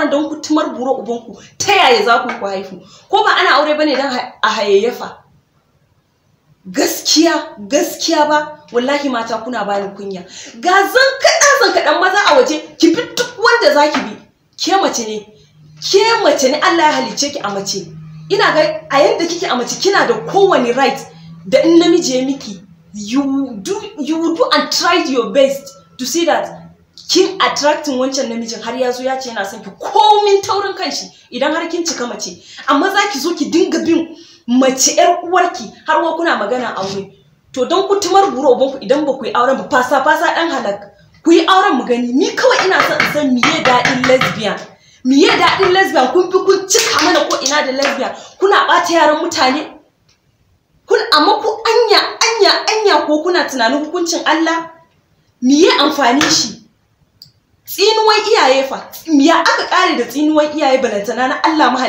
auren don ku buro ubanku ta yaya za ku ku haifu ko ba ana aure bane don a hayayyafa gaskiya gaskiya ba wallahi mata kuna bani kunya ga zan kada zan kaɗan maza a waje ki bi duk wanda zaki bi ke mace ne ke mace ne Allah ya halice ki a mace ina ga a yanda kike a mace kina da kowani right da in namiji ya miki you do you do and try your best to see that kin attracting wancan namijin har ya zo ya ce yana son ki komin taurin kanshi idan har kin cika mace amma za ki zo ki dinga bin mace yar uwarki har wa kuna magana aure to don ku tumar buru ubanku idan ba ku yi auren ba fasa fasa dan halak ku yi auren mu gani ni kawai ina son in san miye daɗin lesbian miye daɗin lesbian kun fi kun cika mana ko ina da lesbian kuna bata yaran mutane kun amma ku anya anya anya ko kuna tunanin hukuncin Allah miye amfani shi tsinuwan iyaye fa ya aka kare da tsinuwan iyaye balantana na Allah